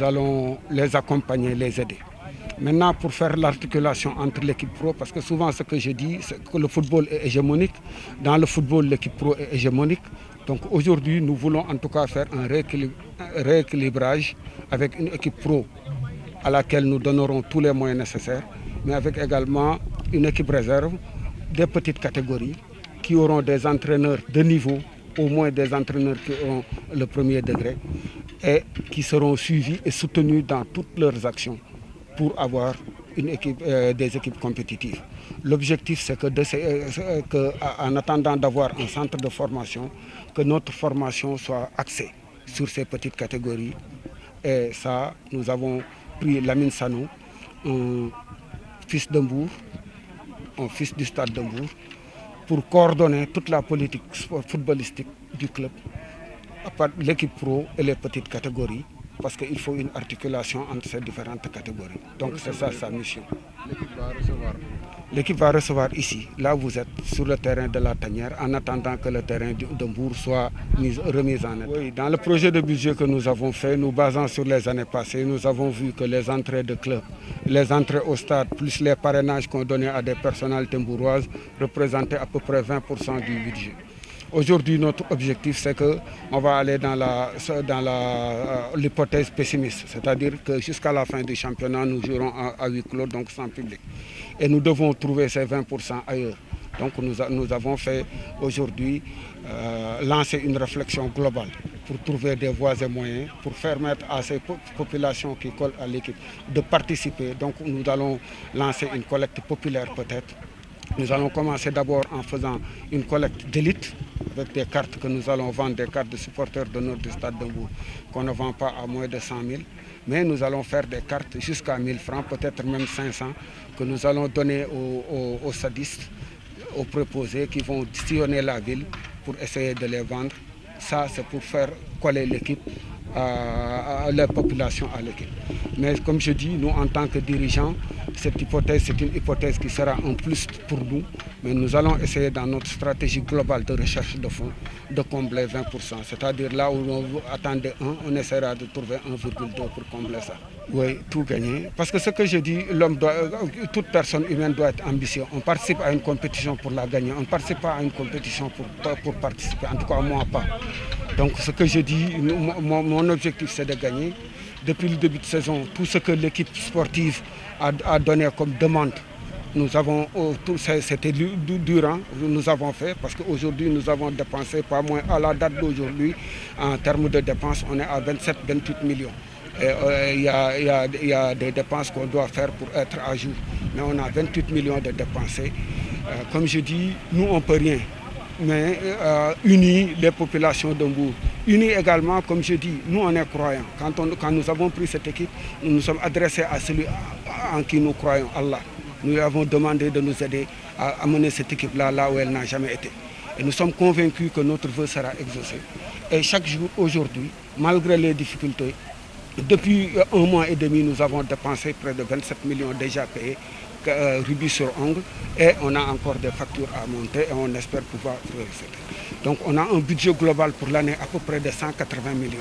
nous allons les accompagner, les aider. Maintenant, pour faire l'articulation entre l'équipe pro, parce que souvent ce que je dis, c'est que le football est hégémonique. Dans le football, l'équipe pro est hégémonique. Donc aujourd'hui, nous voulons en tout cas faire un rééquilibrage avec une équipe pro à laquelle nous donnerons tous les moyens nécessaires, mais avec également une équipe réserve, des petites catégories qui auront des entraîneurs de niveau, au moins des entraîneurs qui ont le premier degré et qui seront suivis et soutenus dans toutes leurs actions pour avoir euh, des équipes compétitives. L'objectif, c'est que, euh, euh, en attendant d'avoir un centre de formation, que notre formation soit axée sur ces petites catégories. Et ça, nous avons pris Lamine Sanou, un fils d'Embourg, un fils du stade d'Embourg, pour coordonner toute la politique footballistique du club l'équipe pro et les petites catégories, parce qu'il faut une articulation entre ces différentes catégories. Donc c'est ça sa mission. L'équipe va recevoir L'équipe va recevoir ici, là où vous êtes, sur le terrain de la tanière, en attendant que le terrain de Bourg soit remis en état. dans le projet de budget que nous avons fait, nous basant sur les années passées, nous avons vu que les entrées de clubs, les entrées au stade, plus les parrainages qu'on donnait à des personnalités timbouroises représentaient à peu près 20% du budget. Aujourd'hui, notre objectif, c'est qu'on va aller dans l'hypothèse la, dans la, euh, pessimiste, c'est-à-dire que jusqu'à la fin du championnat, nous jouerons à, huis clos, donc sans public. Et nous devons trouver ces 20% ailleurs. Donc nous, avons fait aujourd'hui euh, lancer une réflexion globale pour trouver des voies et moyens pour permettre à ces populations qui collent à l'équipe de participer. Donc nous allons lancer une collecte populaire peut-être nous allons commencer d'abord en faisant une collecte d'élite avec des cartes que nous allons vendre, des cartes de supporters de notre stade d'Ambourg qu'on ne vend pas à moins de 100 000. Mais nous allons faire des cartes jusqu'à 1000 francs, peut-être même 500, que nous allons donner aux, aux sadistes, aux préposés qui vont sillonner la ville pour essayer de les vendre. Ça, c'est pour faire coller l'équipe à, la population à l'équipe. Mais comme je dis, nous en tant que dirigeants, cette hypothèse, c'est une hypothèse qui sera en plus pour nous, mais nous allons essayer dans notre stratégie globale de recherche de fonds de combler 20%. C'est-à-dire là où on attendait 1, on essaiera de trouver 1,2 pour combler ça. Oui, tout gagner. Parce que ce que je dis, l'homme euh, toute personne humaine doit être ambitieuse. On participe à une compétition pour la gagner. On ne participe pas à une compétition pour, pour participer. En tout cas, moi, pas. Donc ce que je dis, mon, objectif c'est de gagner. Depuis le début de saison, tout ce que l'équipe sportive a, donné comme demande, nous avons, oh, c'était durant, nous avons fait, parce qu'aujourd'hui nous avons dépensé pas moins, à la date d'aujourd'hui, en termes de dépenses, on est à 27-28 millions. Euh, il y, a des dépenses qu'on doit faire pour être à jour. Mais on a 28 millions de dépensés. Euh, comme je dis, nous on ne peut rien mais euh, unis les populations d'Ombourg. Unis également, comme je dis, nous en est croyants. Quand, nous avons pris cette équipe, nous nous sommes adressés à celui en qui nous croyons, Allah. Nous lui avons demandé de nous aider à amener cette équipe-là là où elle n'a jamais été. Et nous sommes convaincus que notre vœu sera exaucé. Et chaque jour aujourd'hui, malgré les difficultés, depuis euh, un mois et demi, nous avons dépensé près de 27 millions déjà payés euh, rubis sur ongle et on a encore des factures à monter et on espère pouvoir Donc on a un budget global pour l'année à peu près de 180 millions.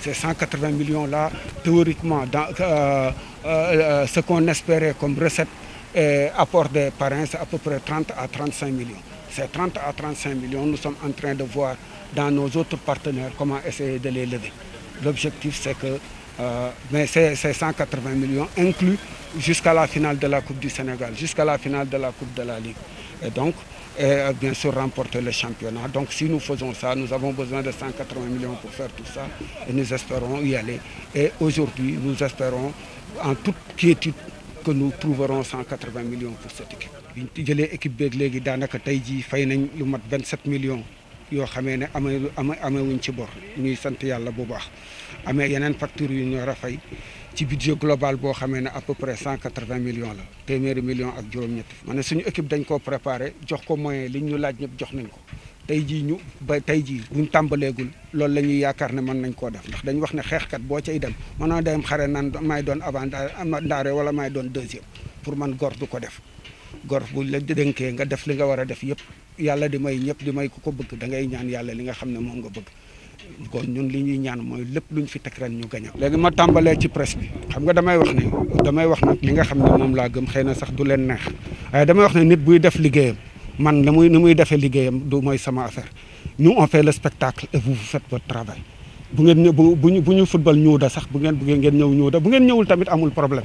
Ces 180 millions-là, théoriquement, dans, euh, euh, ce qu'on espérait comme recette et apport des parrains, c'est à peu près 30 à 35 millions. Ces 30 à 35 millions, nous sommes en train de voir dans nos autres partenaires comment essayer de les lever. L'objectif, c'est que euh, mais c'est 180 millions inclus jusqu'à la finale de la Coupe du Sénégal, jusqu'à la finale de la Coupe de la Ligue. Et donc, euh, bien sûr remporter le championnat. Donc si nous faisons ça, nous avons besoin de 180 millions pour faire tout ça et nous espérons y aller. Et aujourd'hui, nous espérons en toute quiétude que nous trouverons 180 millions pour cette équipe. Je l'ai équipe 27 millions. yoo xamee ne amee amee amewuñ ci bor ñuy sant yàlla bu baax amee yeneen facture yu ñu war a fay ci budget global boo xamee ne à peu près cent quatre-vingts millions la téeméeri millions ak juróom-ñett ma ne suñu équipe dañ koo préparé jox ko moyen li ñu laaj ñëpp jox nañ ko tey ji ñu ba tey jii buñ tàmbaleegul loolu la ñuy yaakaar ne mën nañ koo def ndax dañ wax ne xeexkat boo cay dem mënoo dem xare naan may doon avant ndaare wala may doon deuxième pour man góor du ko def gorf buñ la dénké nga def li nga wara def yépp yalla di may ñëpp di may ku ko bëgg da ngay ñaan yalla li nga xamné ne nga bëgg kon ñun li ñuy ñaan mooy lépp luñ fi teg ren ñu gañam légui ma tambalé ci presse bi xam nga damay wax né damay wax nak li nga xamné mom la gëm xeyna sax du leen neex ay damay wax né nit buy def liggéeyam man la muy ni muy defee liggéeyam du moy sama affaire nous on fait le spectacle et vous faites votre travail bu ngeen bu ñu football ñëw da sax bu ngeen bu ngeen ñëw ñëw da bu ngeen ñëwul tamit amul problème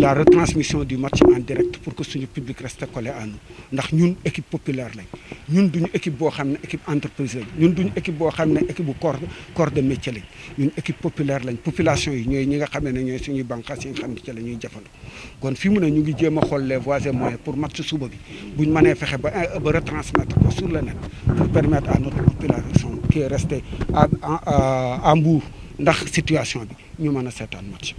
la retransmission du match en direct pour que le public reste collé à nous sommes une équipe populaire Nous ñun une équipe équipe entreprise Nous sommes une équipe corps de métier une équipe populaire La population yi la les voisins pour match bi buñ retransmettre sur le net pour permettre à notre population qui est restée à euh, dans dans situation nous ñu une match